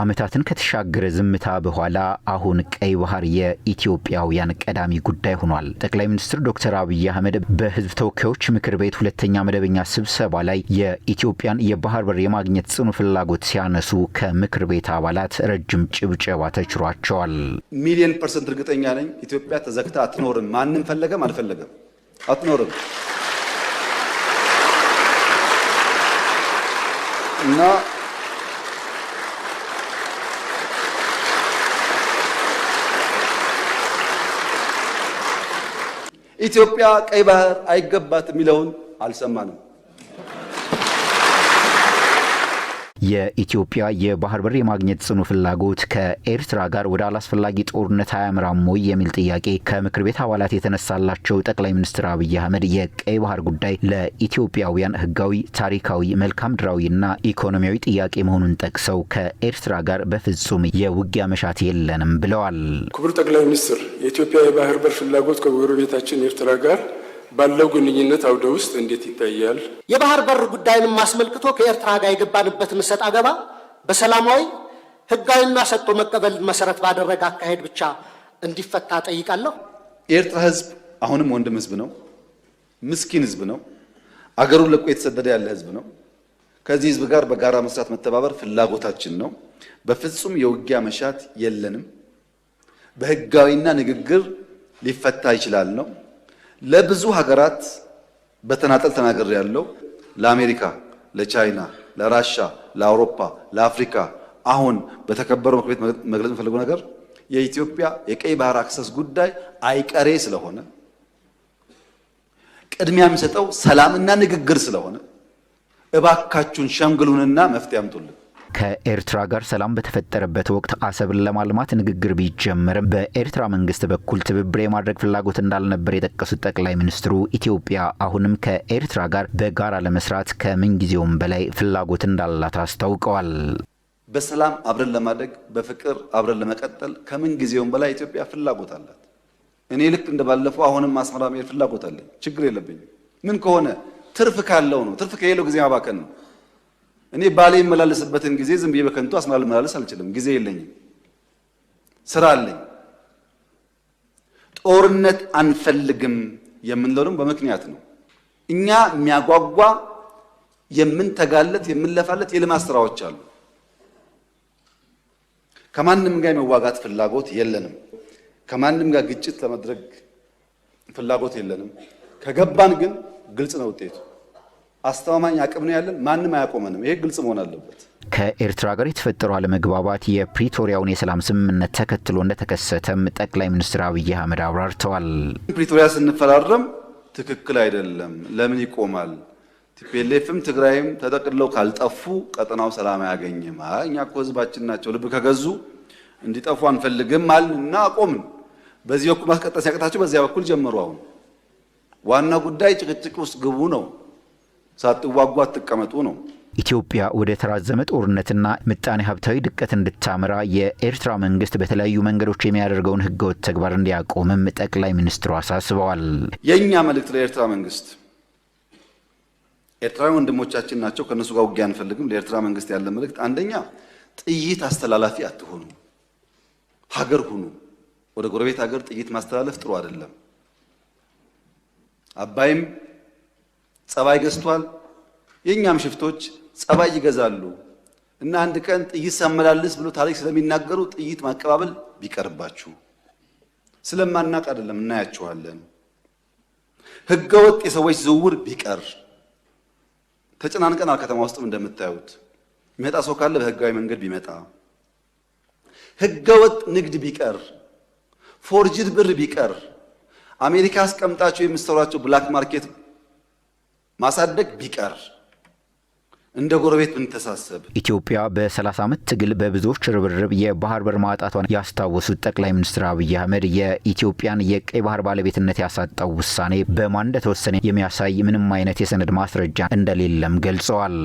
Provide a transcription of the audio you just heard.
ዓመታትን ከተሻገረ ዝምታ በኋላ አሁን ቀይ ባህር የኢትዮጵያውያን ቀዳሚ ጉዳይ ሆኗል። ጠቅላይ ሚኒስትር ዶክተር አብይ አህመድ በህዝብ ተወካዮች ምክር ቤት ሁለተኛ መደበኛ ስብሰባ ላይ የኢትዮጵያን የባህር በር የማግኘት ጽኑ ፍላጎት ሲያነሱ ከምክር ቤት አባላት ረጅም ጭብጨባ ተችሯቸዋል። ሚሊዮን ፐርሰንት እርግጠኛ ነኝ ኢትዮጵያ ተዘግታ አትኖርም። ማንም ፈለገም አልፈለገም አትኖርም እና ኢትዮጵያ ቀይ ባህር አይገባት የሚለውን አልሰማንም። የኢትዮጵያ የባህር በር የማግኘት ጽኑ ፍላጎት ከኤርትራ ጋር ወደ አላስፈላጊ ጦርነት አያምራም ወይ የሚል ጥያቄ ከምክር ቤት አባላት የተነሳላቸው ጠቅላይ ሚኒስትር አብይ አህመድ የቀይ ባህር ጉዳይ ለኢትዮጵያውያን ህጋዊ፣ ታሪካዊ፣ መልካም ኢኮኖሚያዊ ጥያቄ መሆኑን ጠቅሰው ከኤርትራ ጋር በፍጹም የውጊያ መሻት የለንም ብለዋል። ክቡር ጠቅላይ ሚኒስትር የኢትዮጵያ የባህር በር ፍላጎት ከጎረቤታችን ኤርትራ ጋር ባለው ግንኙነት አውደ ውስጥ እንዴት ይታያል? የባህር በር ጉዳይንም አስመልክቶ ከኤርትራ ጋር የገባንበትን እሰጥ አገባ በሰላማዊ ህጋዊና ሰጥቶ መቀበል መሰረት ባደረገ አካሄድ ብቻ እንዲፈታ ጠይቃለሁ። የኤርትራ ህዝብ አሁንም ወንድም ህዝብ ነው። ምስኪን ህዝብ ነው። አገሩን ለቆ የተሰደደ ያለ ህዝብ ነው። ከዚህ ህዝብ ጋር በጋራ መስራት፣ መተባበር ፍላጎታችን ነው። በፍጹም የውጊያ መሻት የለንም። በህጋዊና ንግግር ሊፈታ ይችላል ነው ለብዙ ሀገራት በተናጠል ተናገር ያለው ለአሜሪካ፣ ለቻይና፣ ለራሻ፣ ለአውሮፓ፣ ለአፍሪካ አሁን በተከበረው ምክር ቤት መግለጽ የምፈልገው ነገር የኢትዮጵያ የቀይ ባህር አክሰስ ጉዳይ አይቀሬ ስለሆነ ቅድሚያ የሚሰጠው ሰላምና ንግግር ስለሆነ እባካችሁን ሸምግሉንና መፍትሄ አምጡልን። ከኤርትራ ጋር ሰላም በተፈጠረበት ወቅት አሰብን ለማልማት ንግግር ቢጀመርም በኤርትራ መንግስት በኩል ትብብር የማድረግ ፍላጎት እንዳልነበር የጠቀሱት ጠቅላይ ሚኒስትሩ ኢትዮጵያ አሁንም ከኤርትራ ጋር በጋራ ለመስራት ከምንጊዜውም በላይ ፍላጎት እንዳላት አስታውቀዋል። በሰላም አብረን ለማደግ በፍቅር አብረን ለመቀጠል ከምንጊዜውም በላይ ኢትዮጵያ ፍላጎት አላት። እኔ ልክ እንደባለፈው አሁንም አስመራ መሄድ ፍላጎት አለኝ። ችግር የለብኝም። ምን ከሆነ ትርፍ ካለው ነው። ትርፍ ከሌለው ጊዜ ማባከን ነው። እኔ ባሌ የመላለስበትን ጊዜ ዝም ብዬ በከንቱ አስመራ ልመላለስ አልችልም። ጊዜ የለኝም፣ ስራ አለኝ። ጦርነት አንፈልግም የምንለው ደግሞ በምክንያት ነው። እኛ የሚያጓጓ የምንተጋለት የምንለፋለት የልማት ስራዎች አሉ። ከማንም ጋር የመዋጋት ፍላጎት የለንም። ከማንም ጋር ግጭት ለማድረግ ፍላጎት የለንም። ከገባን ግን ግልጽ ነው ውጤቱ። አስተማማኝ አቅም ነው ያለን። ማንም አያቆመንም። ይሄ ግልጽ መሆን አለበት። ከኤርትራ ጋር የተፈጠረው አለመግባባት የፕሪቶሪያውን የሰላም ስምምነት ተከትሎ እንደተከሰተም ጠቅላይ ሚኒስትር አብይ አህመድ አብራርተዋል። ፕሪቶሪያ ስንፈራረም ትክክል አይደለም፣ ለምን ይቆማል? ቲፒኤልኤፍም ትግራይም ተጠቅለው ካልጠፉ ቀጠናው ሰላም አያገኝም። እኛ እኮ ህዝባችን ናቸው፣ ልብ ከገዙ እንዲጠፉ አንፈልግም እና አቆምን። በዚህ በኩል ማስቀጠል ሲያቅታቸው በዚያ በኩል ጀመሩ። አሁን ዋና ጉዳይ ጭቅጭቅ ውስጥ ግቡ ነው። ሳትዋጓት አትቀመጡ ነው። ኢትዮጵያ ወደ ተራዘመ ጦርነትና ምጣኔ ሀብታዊ ድቀት እንድታመራ የኤርትራ መንግስት በተለያዩ መንገዶች የሚያደርገውን ህገወጥ ተግባር እንዲያቆምም ጠቅላይ ሚኒስትሩ አሳስበዋል። የእኛ መልእክት ለኤርትራ መንግስት፣ ኤርትራውያን ወንድሞቻችን ናቸው፣ ከእነሱ ጋር ውጊያ አንፈልግም። ለኤርትራ መንግስት ያለ መልእክት አንደኛ፣ ጥይት አስተላላፊ አትሆኑ፣ ሀገር ሁኑ። ወደ ጎረቤት ሀገር ጥይት ማስተላለፍ ጥሩ አይደለም። አባይም ጸባይ ገዝቷል። የእኛም ሽፍቶች ጸባይ ይገዛሉ እና አንድ ቀን ጥይት ሳመላልስ ብሎ ታሪክ ስለሚናገሩ ጥይት ማቀባበል ቢቀርባችሁ ስለማናቅ አይደለም፣ እናያችኋለን። ህገወጥ የሰዎች ዝውውር ቢቀር ተጨናንቀናል። ከተማ ውስጥም እንደምታዩት የሚመጣ ሰው ካለ በህጋዊ መንገድ ቢመጣ፣ ህገወጥ ንግድ ቢቀር፣ ፎርጅድ ብር ቢቀር፣ አሜሪካ አስቀምጣቸው የምትሰሯቸው ብላክ ማርኬት ማሳደግ ቢቀር እንደ ጎረቤት ብንተሳሰብ። ኢትዮጵያ በ30 ዓመት ትግል በብዙዎች ርብርብ የባህር በር ማጣቷን ያስታወሱት ጠቅላይ ሚኒስትር አብይ አህመድ የኢትዮጵያን የቀይ ባህር ባለቤትነት ያሳጣው ውሳኔ በማን እንደተወሰነ የሚያሳይ ምንም አይነት የሰነድ ማስረጃ እንደሌለም ገልጸዋል።